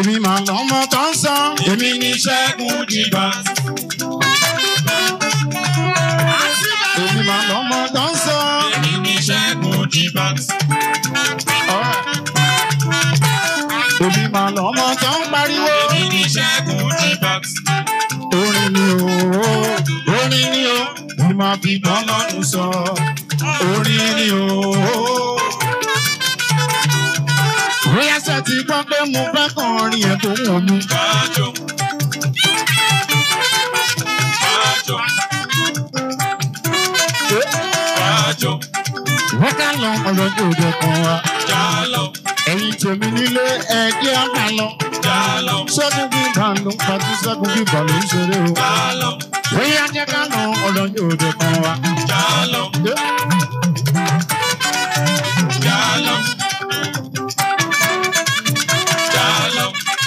èmi máa lọ́mọ tó ń san. èmi ní Ṣẹ́gun Dìgbà. èmi máa lọ́mọ tó ń san. èmi ní Ṣẹ́gun Dìgbà. èmi máa lọ́mọ tó ń pariwo. èmi ní Ṣẹ́gun Dìgbà. orin ni o orin ni o mo máa fi bọ́ lọ́rùn sọ orin ni o bóyá ṣe ti gbọ́ pé mo bá kàn orin ẹ̀ tó wù mí. Bájò. Bájò. Bájò. Wọ́n ká lọ ọ̀rọ̀ yóò jẹ kan wa. Jálọ. Ẹ̀yin tèmi nílé ẹgbẹ́ ọ̀gá lọ. Jálọ. Sọ́dún bí ìbànú pàtó sọ́dún bí ìbànú ń ṣeré o. Jálọ. Bóyá jẹ́ ká lọ ọ̀rọ̀ yóò jẹ kan wa. Jálọ.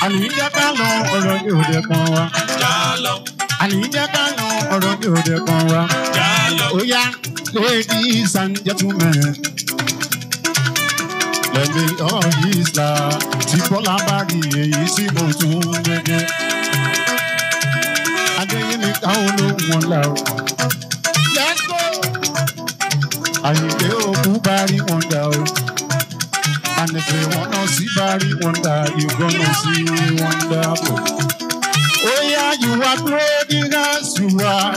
Ani jẹ́ ká lọ ọ̀rọ̀ mi ò dé kan wa. àní jẹ́ ká lọ ọ̀rọ̀ mi ò dé kan wa. oya ladies and gentlemen. lẹ́mi ọ̀yí ìsìlá tí bọ́lá bá rí èyí tí mo tún gẹ́gẹ́. adéyẹmí káwọn olóhùn wọn là ó. àyìnbé òkú bá rí wọn dà ó. And if you want to see Barry Wonder, you gonna see me Wonderful. Oh yeah, you are clothing as you are.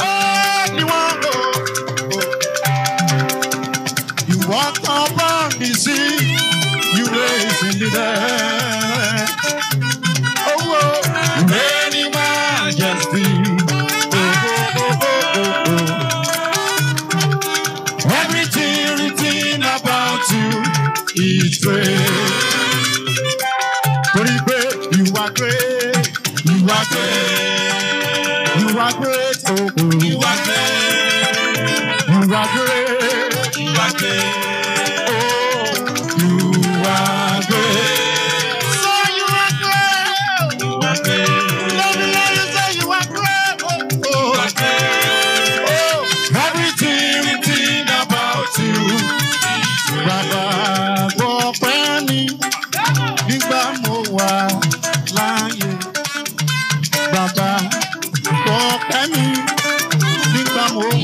Anyone go? You walk on the sea, you raise in the air.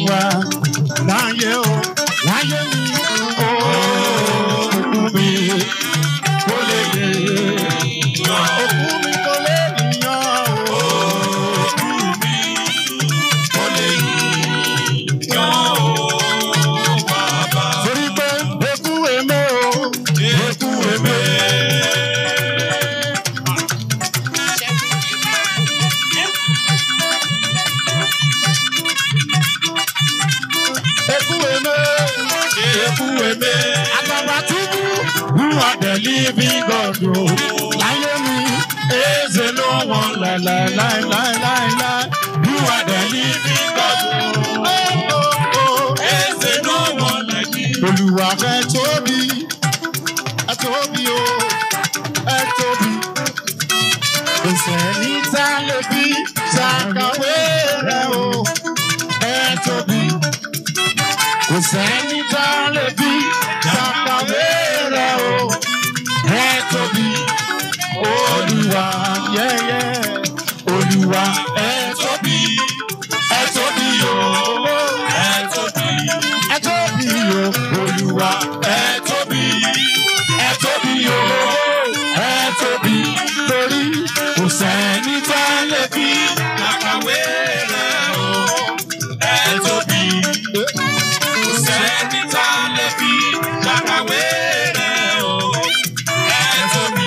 wa láyé o láyé mi. a living God, bro. Lie me, is one, lie, lie, lie, lie, lie, lie. You are the living Kò sẹ́ni tá a lè fi dàkàwé rẹ̀ o, ẹ tóbi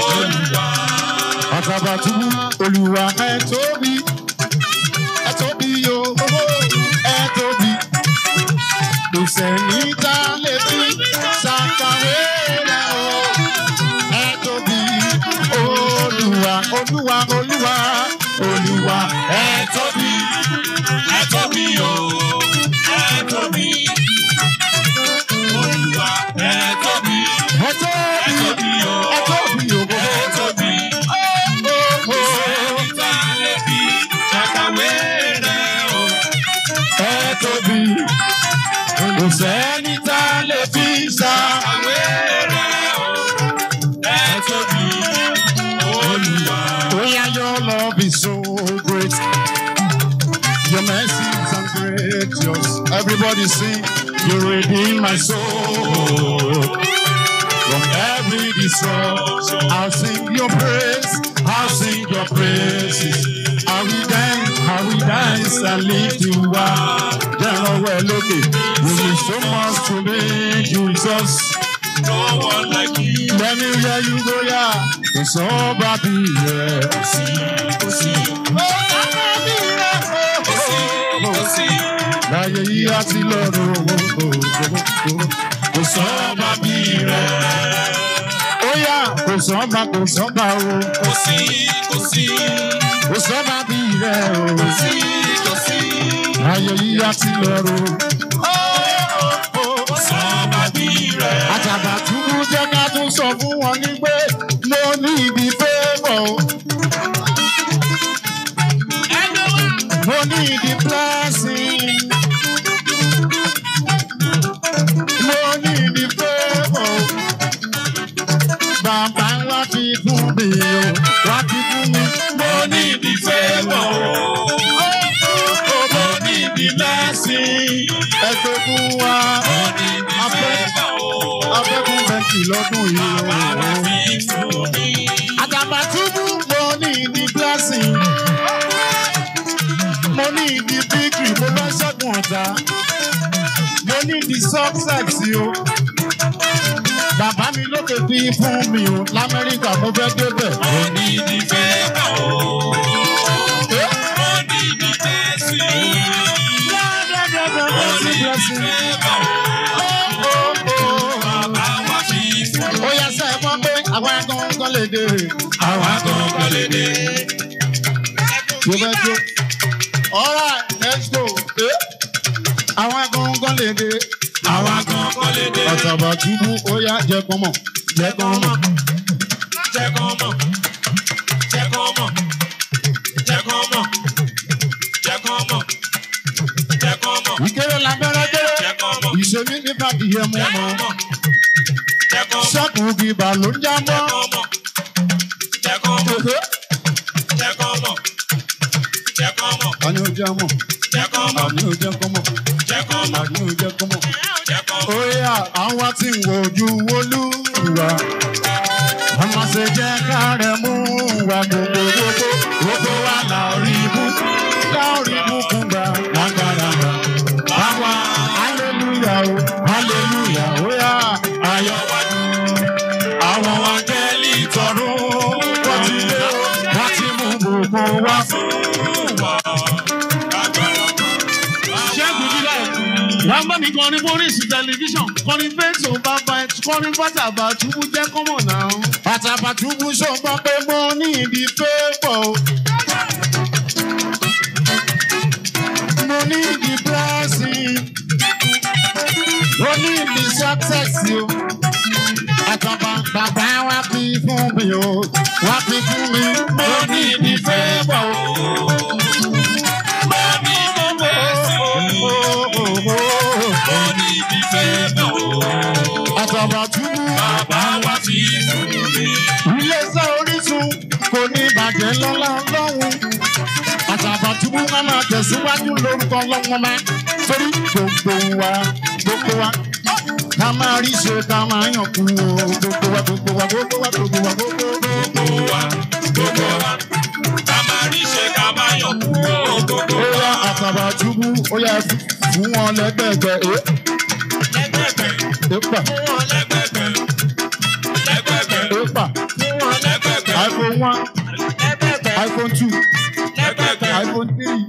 olùwà. Àtàbàtúbú olùwà ẹ tóbi, ẹ tóbi o, ẹ tóbi. Kò sẹ́ni lè fi dàkàwé rẹ̀ o, ẹ tóbi olùwà, olúwa olúwa. tóbi kò sẹ́ni tá a lè fi sa àwẹ̀ rẹ̀ o ẹ tóbi olùwà. Oya your love is so great. Your mercy is ungracious. Everybody sing, you redeem my soul. From every distress, I'll sing your praise. I'll sing your praises. I will dance, I will dance and lift you up. lọ́wọ́ ẹ lókè. You mean so much to me, Jesus. No one like you. Lẹ́ni yẹ yú bóyá kò sọ bá bí rẹ̀. Kò sí, kò sí. Ó bá bí rẹ̀ kò sí, kò sí. Láyé yí àti lọ́rùn kò sọ bá bí rẹ̀. Ó yá kò sọ́ba kò sọ́ba o. Kò sí, kò sí. Kò sọ́ba bí rẹ̀ o. Kò sí ayé yíyá ti lọ́rù. Sọ́ba bí rẹ̀. Àtàbà túbú jẹ́ ká tún sọ fún wọn ní. mẹ́sì ẹgbẹ́ fún wa. Afẹ́kùn mẹ́sì lọ́dún yìí o. Àtàbàtúbù mo ní ìdí blessing. Mo ní ìdí victory, mo bá ṣẹ́gun ọ̀tá. Mo ní ìdí success o. Bàbá mi lókè fi fún mi o. L'Amẹ́ríkà mo fẹ́ débẹ̀. Mo ní ìdí fẹ́. sí. ó yẹ sẹ́ ẹ mọ̀ pé àwa gangan lè dé. àwa gangan lè dé. tó bẹ́ tó. all right let's go. àwa gangan lè dé. àwa gangan lè dé. Àtàbàtúbú ó yá jẹ́ kọ́mọ̀. jẹ́ kọ́mọ̀. jẹ́ kọ́mọ̀. lágbára dé. Ìṣèmí nípa ìyẹn mú mo, Sọ́ọ̀kù gbìbà ló ń já mọ́. Àní ò jẹ́ mọ̀. Àní ò jẹ́ kọ́mọ̀. Àní ò jẹ́ kọ́mọ̀. Oyè àwọn tí ń wojú wọlú wa. Àmọ̀ ṣe jẹ́ ká rẹ̀ mú wa gbogbo. Lámbàmí kọrin Boris tẹlifíṣàn kọrin fẹ́sọ̀ bàbá kọrin Fàtàbàtúbú jẹ́ kọ́mọ̀ náà. Fàtàbàtúbú sọ gbọ́ pé mo ní ibi pé pọ̀. Mo ní ibi bíláàsì, mo ní ibi sọ́tẹ̀sì o. Àtàbà bàbá wá fi fún mi o, wá fi fún mi. Mo ní ibi pé pọ̀. iléeṣẹ́ Orísun kò ní bàjẹ́ lọ́lá ọlọ́run Àtàbàtúbú wọn máa tẹ̀síwájú lórúkọ ọlọ́run máa torí gbogbo wa gbogbo wa ká máa rí ṣe ká máa yàn kú o gbogbo wa gbogbo wa gbogbo wa gbogbo wa gbogbo wa gbogbo wa ká máa rí ṣe ká máa yàn kú o gbogbo wa. Ó yá Àtàbàtúbú ó fún wọn lẹ́gbẹ̀gbẹ̀. Lẹ́gbẹ̀gbẹ̀ fún wọn lẹ́gbẹ̀gbẹ̀. one iphone two iphone three.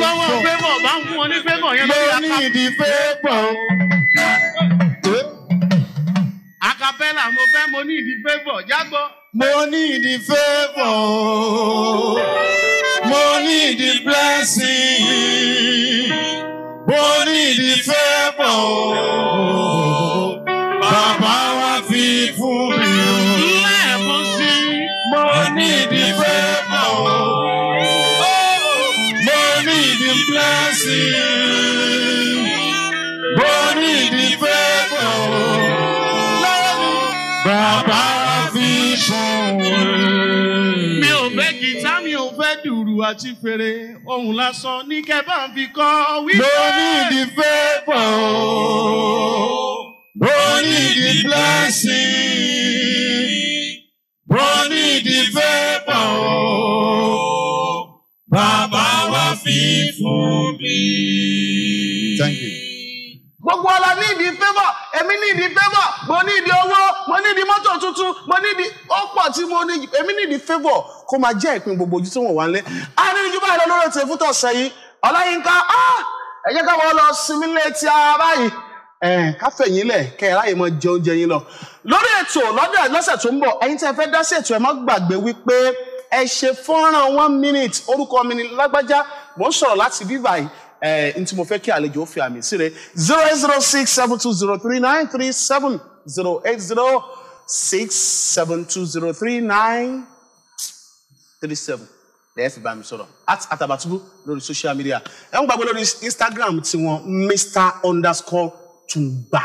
lọ́wọ́ fẹ́mọ̀ bá ń fún wọn ní fẹ́mọ̀ yẹn lórí aká. lórí ìdí fẹ́mọ̀. akapẹ́là mo fẹ́ mo ní ìdí fẹ́mọ̀ jágbọ́. mo ní ìdí fẹ́mọ̀ mo ní ìdí blessing mo ní ìdí fẹ́mọ̀ bàbá wa fi fún. Olúwa ti fèrè ohun lásán ní kẹ́bà fi kọ́ wípé. Don't need the favour, don't need the blessing, don't need the favour, bàbá wa fi fún mi. Thank you. Gbogbo ọlá ní ìdí favour, èmi ní ìdí favour, mo ní ìdí owó, mo ní ìdí mọ́tò tuntun, mo ní ìdí ó tí mo ní, èmi ní ìdí favour kó máa jẹ́ ìpín gbogbo ojú tí wọ́n wà ń lé. a ní ìjú báyìí lọ lórí ètò ìfúntọ̀ ọ̀sẹ̀ yìí ọláyínká ẹ jẹ́ ká wọ́n lọ sinmi létí ara báyìí káfẹ̀yìn lẹ̀ kẹ́ ẹ ráyè mọ jẹ oúnjẹ yín lọ. lórí ètò lọ́dọ̀ lọ́sẹ̀ tó ń bọ̀ ẹ̀yin tí ẹ fẹ́ dá sí ètò ẹ má gbàgbé wípé ẹ ṣe fọ́nrán one minute orúkọ mi ni lágbájá mò ń sọ̀rọ̀ láti bí báyìí n tí mo fẹ́ kí àlejò fi àmì sí rẹ̀ zero eight zero six seven two zero three nine three seven zero eight zero six seven two zero three nine three seven lẹ́ẹ̀ fi bá mi sọ̀rọ̀ at Atabatubu lórí social media ẹ̀ ń gbàgbọ́ lórí Instagram tiwọn mr underscore tumba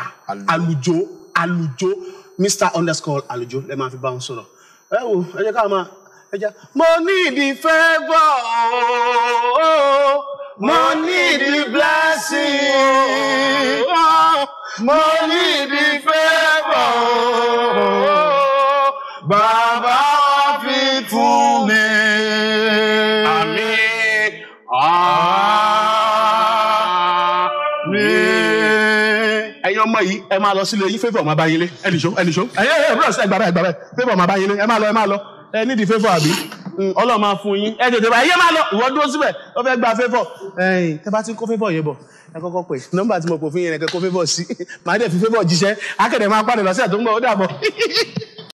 alujo alujo mr underscore alujo lẹ́ẹ̀ máa fi bá wọn sọ̀rọ̀ ẹ wo ẹ jẹ́ ká máa ẹ jẹ́ mo need the favour ooo mo need the blessing ooo mo need the favour ooo. ẹ̀yin ọmọ yìí ẹ máa lọ sílé yín favour máa bá yín lé ẹnìṣó ẹnìṣó ẹyẹ ẹyẹ bros ẹgbàrá ẹgbàrá favour máa bá yín lé ẹ máa lọ ẹ máa lọ ẹ nídi favour àbí mm, ọlọ́run máa fún yín ẹ tètè bá yẹ máa lọ ìwọ dúró síbẹ̀ ó fẹ́ gba favour ẹ̀yin tẹ bá ti kó favour yẹn bọ̀ ẹ kọ́kọ́ pè nọ́mbà tí mo pò fún yẹn kẹ kó favour sí màá dẹ̀ fi favour jíṣẹ́ akẹ́dẹ̀ máa padà lọ́sẹ̀ tó ń bọ̀ ó dàbọ̀